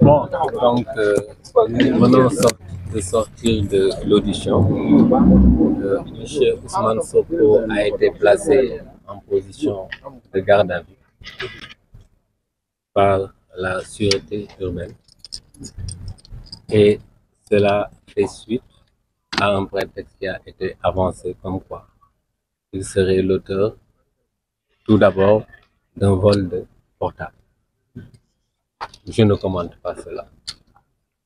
Donc, euh, venant de sortir de l'audition, M. Ousmane a été placé en position de garde à vue par la sûreté urbaine. Et cela fait à un prétexte qui a été avancé comme quoi il serait l'auteur tout d'abord d'un vol de portable. je ne commande pas cela.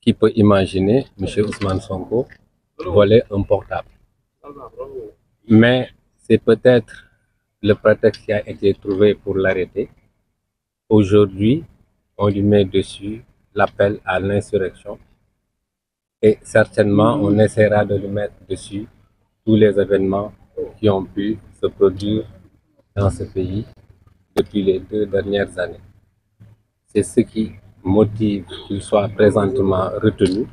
Qui peut imaginer M. Ousmane Sonko voler un Mais c'est peut-être le prétexte qui a été trouvé pour l'arrêter. Aujourd'hui, on lui met dessus l'appel à l'insurrection et certainement on essaiera de lui mettre dessus tous les événements qui ont pu se produire dans ce pays depuis les deux dernières années. C'est ce qui motive qu'il soit présentement retenu.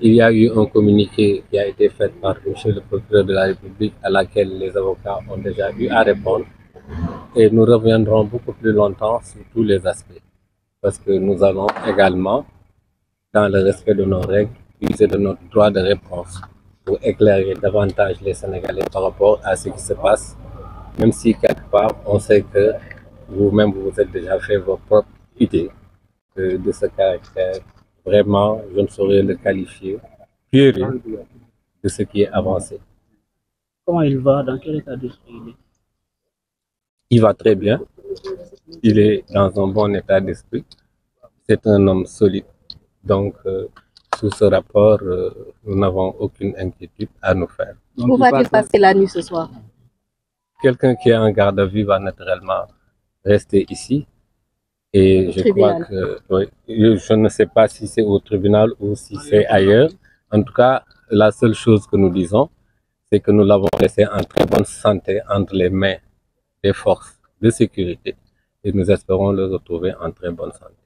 Il y a eu un communiqué qui a été fait par M. le procureur de la République à laquelle les avocats ont déjà eu à répondre et nous reviendrons beaucoup plus longtemps sur tous les aspects parce que nous allons également, dans le respect de nos règles, user de notre droit de réponse pour éclairer davantage les Sénégalais par rapport à ce qui se passe, même si quelque part vous-même vous êtes déjà quitter que de ce caractère. je ne saurais le qualifier pur de ce qui est avancé. il va très bien. Il est dans un bon état d'esprit. C'est un homme solide. Donc, euh, sous ce rapport, euh, nous n'avons aucune inquiétude à nous faire. t il passer la nuit Quelqu'un qui est en garde à vue va naturellement rester ici Et euh, je tribunal. crois que je ne sais pas si c'est au tribunal ou si c'est ailleurs. En tout cas, la seule chose que nous disons, c'est que nous l'avons laissé en très bonne santé entre les mains des forces de sécurité et nous espérons le retrouver en très bonne santé.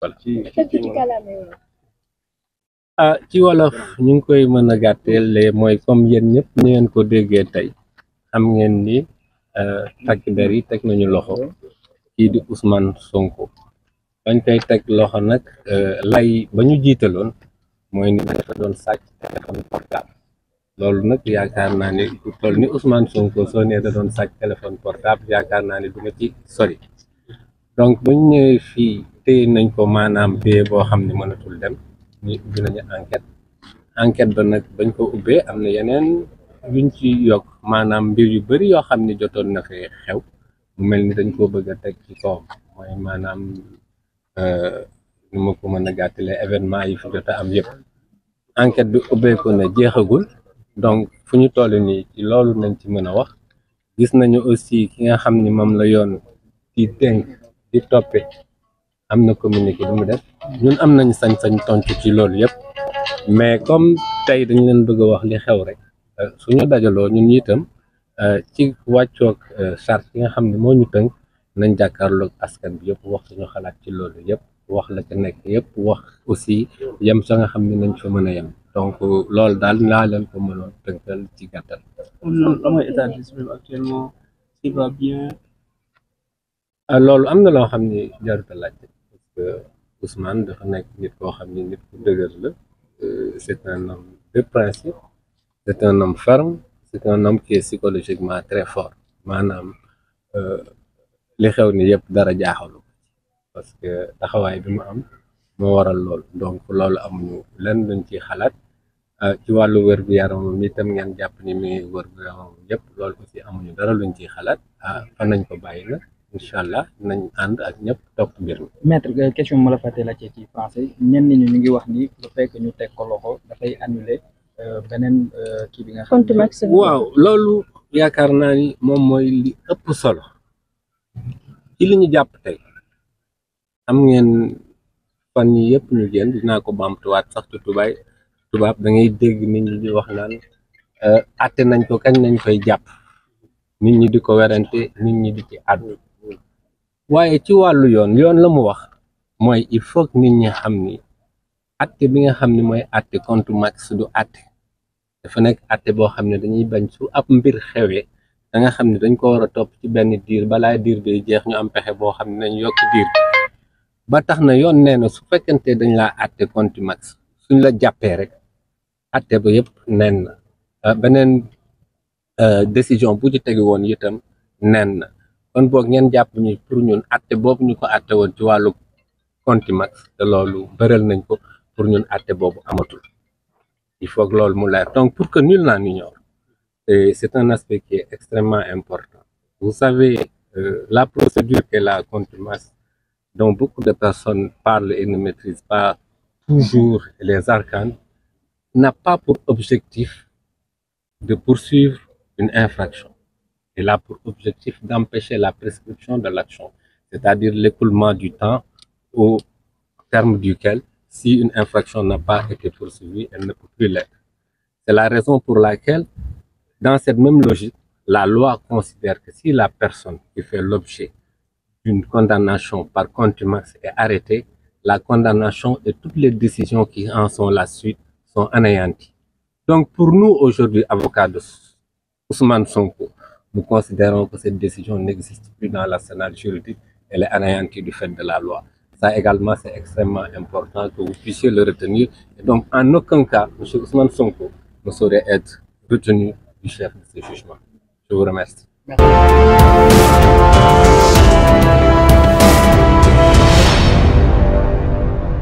Voilà. ah ci wolof ñu ngi koy mën a gàtteele mooy comme yéen ñëpp ñu ngeen ko déggee tey xam ngeen ni euh, takk yi teg nañu loxo. kii di Ousmane Sonko bañ koy teg loxo nag euh, lay ba ñu jiitaloon mooy ni dafa doon sàcc téléphone portable loolu nag yaakaar naa ne ku toll ni Ousmane Sonko soo nee da doon sàcc téléphone portable yaakaar naa ne du ci sori donc bañ ñëwee fii téye nañ ko maanaam téye boo xam ne mënatul dem ñu ubbi nañu enquête enquête ba nag bañ ko ubbee am na yeneen yuñ ci yokk maanaam mbir yu bari yoo xam ne jotoon na fee xew mel ni dañ koo bëgg a teg ci kawam mooy maanaam euh, nu ma ko mën a gàttale événement yi fi jot am yëpp enquête bi ubbeeku na jeexagul donc fu ñu toll nii ci loolu nañ ci mën a wax gis nañu aussi ki nga xam ni moom la yoon di dénk di toppe am na communiqué bi mu def ñun am nañu sañ-sañ tonc ci loolu yëpp mais comme tey dañu leen bëgg a wax li xew rek euh, suñu dajaloo ñun itam. ci wàccook euh, charte yi nga xam ne moo ñu tënk nañ jàkkaarloog askan bi yëpp wax suñu xalaat ci loolu yëpp wax la ca nekk yëpp wax aussi yem sa nga xam ne nañ fa mën a yem donc euh, loolu daal naa leen ko mënoon tënkal ci gàttal. Ah, loolu am na loo xam ne jarut a parce que Ousmane dafa nekk nit koo xam ne nit ku dëgër la euh, c'est un homme de principe c'est un homme ferme. c'est un homme qui est psychologiquement très fort maanaam eh, li xew ni yëpp dara jaaxalu parce que taxawaay bi mu am moo waral loolu donc loolu amuñu lenn luñ ci xalaat ah, ci wàllu wér gu yaramam tam ngeen jàpp ni mi wér gu yaramam yëpp loolu aussi amuñu dara luñ ciy xalaat ah fan nañ ko bàyyi na incha allah nañ ànd ak ñëpp topp mbir mi. maître question ma la fàtte la ci ci français ñenn ñi ñu ngi wax ni lu fekk ñu teg ko loxo dafay annuler. Euh, beneen euh, kii bi nga xam ne waaw loolu yaakaar naa ni moom mooy li ëpp solo ci li ñu jàpp tey am ngeen fan yi yëpp ñu jël dinaa ko bamtuwaat sax ci tubaay tubaab da ngay dégg nit ñi di wax naan atte euh, nañ ko kañ nañ koy jàpp nit ñi di ko werante nit ñi di ci àddu waaye ci wàllu yoon yoon la mu wax mooy il faut nit ñi xam ni atte bi nga xam ni mooy atte contre Macky du atte dafa nekk àtte boo xam ne dañuy bañ su ab mbir xewee da nga xam ne dañ ko war a topp ci benn diir balaa diir bi jeex ñu am pexe boo xam ne nañ yokk diir ba tax na yoon nee na su fekkente dañ laa àtte contumax suñ la jàppee rek àtte ba yëpp nen na beneen euh, décision bu ci tegi woon itam nen na kon boog ngeen jàpp ñi pour ñun àtte boobu ñu ko àtte woon ci wàllu contumax te loolu bëral nañ ko pour ñun àtte boobu amatul il faut que loolu mu leer donc pour que nul n'en ignore et c'est un aspect qui est extrêmement important vous savez euh, la procédure et la contumence dont beaucoup de personnes parlent et ne maîtrisent pas toujours les arcanes n'a pas pour objectif de poursuivre une infraction elle a pour objectif d'empêcher la prescription de l'action c'est-à-dire l'écoulement du temps au terme duquel si une infraction n'a pas été poursuivie, elle ne pour plus l'être. C'est la raison pour laquelle, dans cette même logique, la loi considère que si la personne qui fait l'objet d'une condamnation par contumace est arrêtée, la condamnation et toutes les décisions qui en sont la suite sont anéanties. Donc pour nous aujourd'hui, avocats de son Sonko, nous considérons que cette décision n'existe plus dans l'arsenal juridique, elle est anéantie la loi. Ça également, c'est extrêmement important que vous puissiez le retenir. donc, en aucun cas, M. Ousmane Sonko ne saurait être retenu du chef de ce jugement. Je vous remercie.